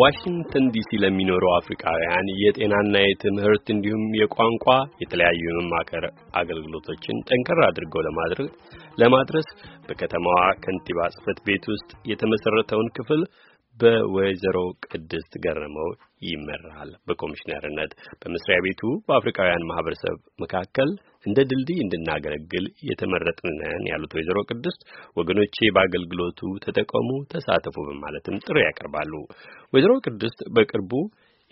ዋሽንግተን ዲሲ ለሚኖሩ አፍሪካውያን የጤናና የትምህርት እንዲሁም የቋንቋ የተለያዩ የመማከር አገልግሎቶችን ጠንከር አድርገው ለማድረግ ለማድረስ በከተማዋ ከንቲባ ጽሕፈት ቤት ውስጥ የተመሰረተውን ክፍል በወይዘሮ ቅድስት ገረመው ይመራል። በኮሚሽነርነት በመስሪያ ቤቱ በአፍሪካውያን ማህበረሰብ መካከል እንደ ድልድይ እንድናገለግል የተመረጥን ያሉት ወይዘሮ ቅድስት ወገኖቼ በአገልግሎቱ ተጠቀሙ፣ ተሳተፉ በማለትም ጥሪ ያቀርባሉ። ወይዘሮ ቅድስት በቅርቡ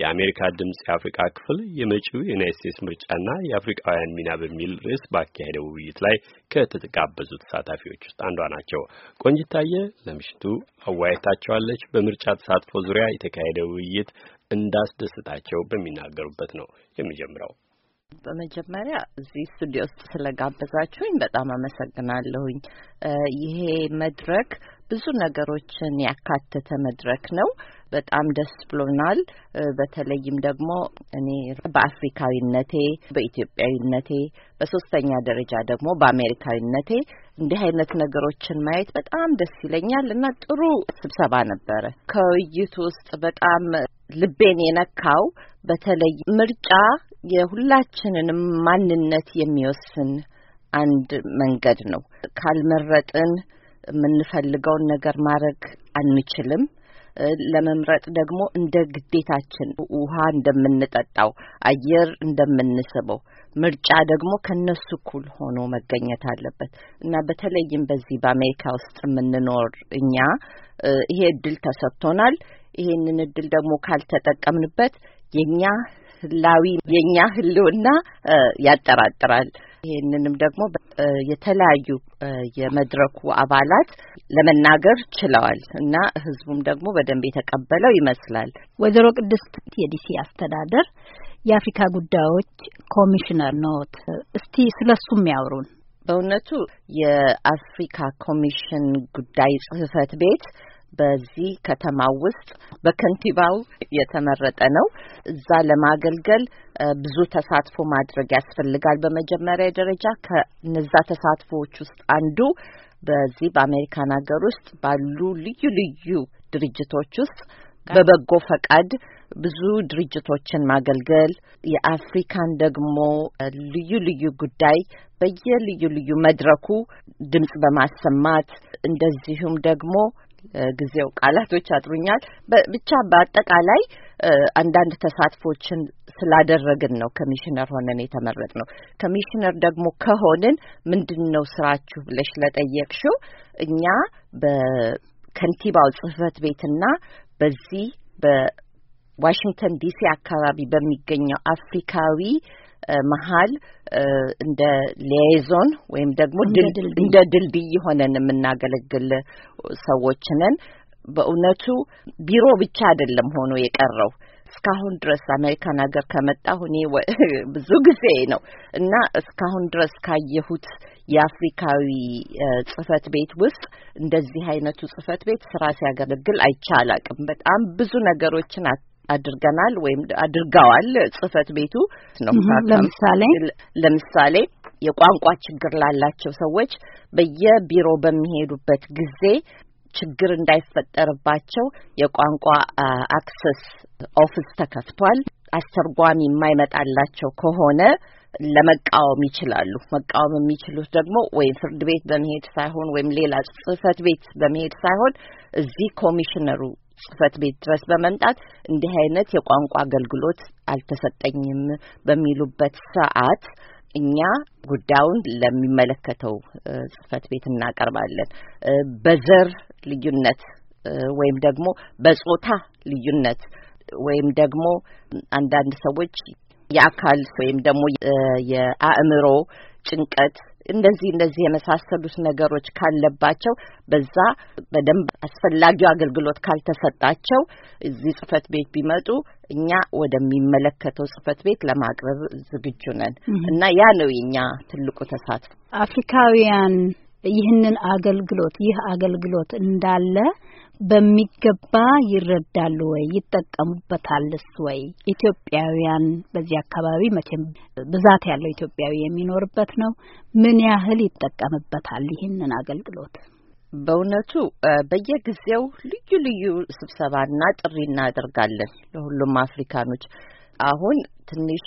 የአሜሪካ ድምፅ የአፍሪካ ክፍል የመጪው የዩናይት ስቴትስ ምርጫና የአፍሪካውያን ሚና በሚል ርዕስ ባካሄደው ውይይት ላይ ከተጋበዙ ተሳታፊዎች ውስጥ አንዷ ናቸው። ቆንጅታየ ለምሽቱ አወያይታቸዋለች። በምርጫ ተሳትፎ ዙሪያ የተካሄደ ውይይት እንዳስደስታቸው በሚናገሩበት ነው የሚጀምረው። በመጀመሪያ እዚህ ስቱዲዮ ውስጥ ስለጋበዛችሁኝ በጣም አመሰግናለሁኝ። ይሄ መድረክ ብዙ ነገሮችን ያካተተ መድረክ ነው። በጣም ደስ ብሎናል። በተለይም ደግሞ እኔ በአፍሪካዊነቴ፣ በኢትዮጵያዊነቴ፣ በሶስተኛ ደረጃ ደግሞ በአሜሪካዊነቴ እንዲህ አይነት ነገሮችን ማየት በጣም ደስ ይለኛል እና ጥሩ ስብሰባ ነበረ። ከውይይቱ ውስጥ በጣም ልቤን የነካው በተለይ ምርጫ የሁላችንንም ማንነት የሚወስን አንድ መንገድ ነው። ካልመረጥን የምንፈልገውን ነገር ማድረግ አንችልም። ለመምረጥ ደግሞ እንደ ግዴታችን ውሃ እንደምንጠጣው፣ አየር እንደምንስበው ምርጫ ደግሞ ከነሱ እኩል ሆኖ መገኘት አለበት እና በተለይም በዚህ በአሜሪካ ውስጥ የምንኖር እኛ ይሄ እድል ተሰጥቶናል። ይሄንን እድል ደግሞ ካልተጠቀምንበት የኛ ህላዊ የኛ ህልውና ያጠራጥራል። ይሄንንም ደግሞ የተለያዩ የመድረኩ አባላት ለመናገር ችለዋል እና ህዝቡም ደግሞ በደንብ የተቀበለው ይመስላል። ወይዘሮ ቅድስት የዲሲ አስተዳደር የአፍሪካ ጉዳዮች ኮሚሽነር ኖት። እስቲ ስለሱም ያውሩን። በእውነቱ የአፍሪካ ኮሚሽን ጉዳይ ጽህፈት ቤት በዚህ ከተማ ውስጥ በከንቲባው የተመረጠ ነው። እዛ ለማገልገል ብዙ ተሳትፎ ማድረግ ያስፈልጋል። በመጀመሪያ ደረጃ ከነዛ ተሳትፎዎች ውስጥ አንዱ በዚህ በአሜሪካን ሀገር ውስጥ ባሉ ልዩ ልዩ ድርጅቶች ውስጥ በበጎ ፈቃድ ብዙ ድርጅቶችን ማገልገል የአፍሪካን ደግሞ ልዩ ልዩ ጉዳይ በየልዩ ልዩ መድረኩ ድምጽ በማሰማት እንደዚሁም ደግሞ ጊዜው ቃላቶች አጥሩኛል። ብቻ በአጠቃላይ አንዳንድ ተሳትፎችን ስላደረግን ነው ኮሚሽነር ሆነን የተመረጥ ነው። ኮሚሽነር ደግሞ ከሆንን ምንድን ነው ስራችሁ ብለሽ ለጠየቅሽው እኛ በከንቲባው ጽህፈት ቤትና በዚህ በዋሽንግተን ዲሲ አካባቢ በሚገኘው አፍሪካዊ መሀል እንደ ሊያይዞን ወይም ደግሞ እንደ ድልድይ ሆነን የምናገለግል ሰዎች ነን። በእውነቱ ቢሮ ብቻ አይደለም ሆኖ የቀረው። እስካሁን ድረስ አሜሪካን ሀገር ከመጣሁ እኔ ብዙ ጊዜ ነው እና እስካሁን ድረስ ካየሁት የአፍሪካዊ ጽህፈት ቤት ውስጥ እንደዚህ አይነቱ ጽህፈት ቤት ስራ ሲያገለግል አይቻላቅም በጣም ብዙ ነገሮችን አድርገናል ወይም አድርገዋል። ጽህፈት ቤቱ ነው። ለምሳሌ ለምሳሌ የቋንቋ ችግር ላላቸው ሰዎች በየቢሮ በሚሄዱበት ጊዜ ችግር እንዳይፈጠርባቸው የቋንቋ አክሰስ ኦፊስ ተከፍቷል። አስተርጓሚ የማይመጣላቸው ከሆነ ለመቃወም ይችላሉ። መቃወም የሚችሉት ደግሞ ወይም ፍርድ ቤት በመሄድ ሳይሆን ወይም ሌላ ጽህፈት ቤት በመሄድ ሳይሆን እዚህ ኮሚሽነሩ ጽህፈት ቤት ድረስ በመምጣት እንዲህ አይነት የቋንቋ አገልግሎት አልተሰጠኝም በሚሉበት ሰዓት እኛ ጉዳዩን ለሚመለከተው ጽህፈት ቤት እናቀርባለን። በዘር ልዩነት ወይም ደግሞ በጾታ ልዩነት ወይም ደግሞ አንዳንድ ሰዎች የአካል ወይም ደግሞ የአእምሮ ጭንቀት እንደዚህ እንደዚህ የመሳሰሉት ነገሮች ካለባቸው በዛ በደንብ አስፈላጊው አገልግሎት ካልተሰጣቸው እዚህ ጽህፈት ቤት ቢመጡ እኛ ወደሚመለከተው ጽህፈት ቤት ለማቅረብ ዝግጁ ነን እና ያ ነው የኛ ትልቁ ተሳትፎ። አፍሪካውያን ይህንን አገልግሎት ይህ አገልግሎት እንዳለ በሚገባ ይረዳሉ ወይ? ይጠቀሙበታልስ ወይ? ኢትዮጵያውያን በዚህ አካባቢ መቼም ብዛት ያለው ኢትዮጵያዊ የሚኖርበት ነው። ምን ያህል ይጠቀምበታል ይህንን አገልግሎት? በእውነቱ በየጊዜው ልዩ ልዩ ስብሰባና ጥሪ እናደርጋለን ለሁሉም አፍሪካኖች። አሁን ትንሽ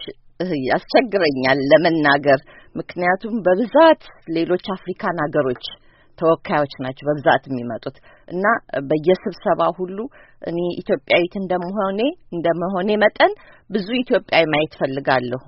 ያስቸግረኛል ለመናገር፣ ምክንያቱም በብዛት ሌሎች አፍሪካን ሀገሮች ተወካዮች ናቸው በብዛት የሚመጡት እና በየስብሰባ ሁሉ እኔ ኢትዮጵያዊት እንደመሆኔ እንደመሆኔ መጠን ብዙ ኢትዮጵያዊ ማየት ፈልጋለሁ።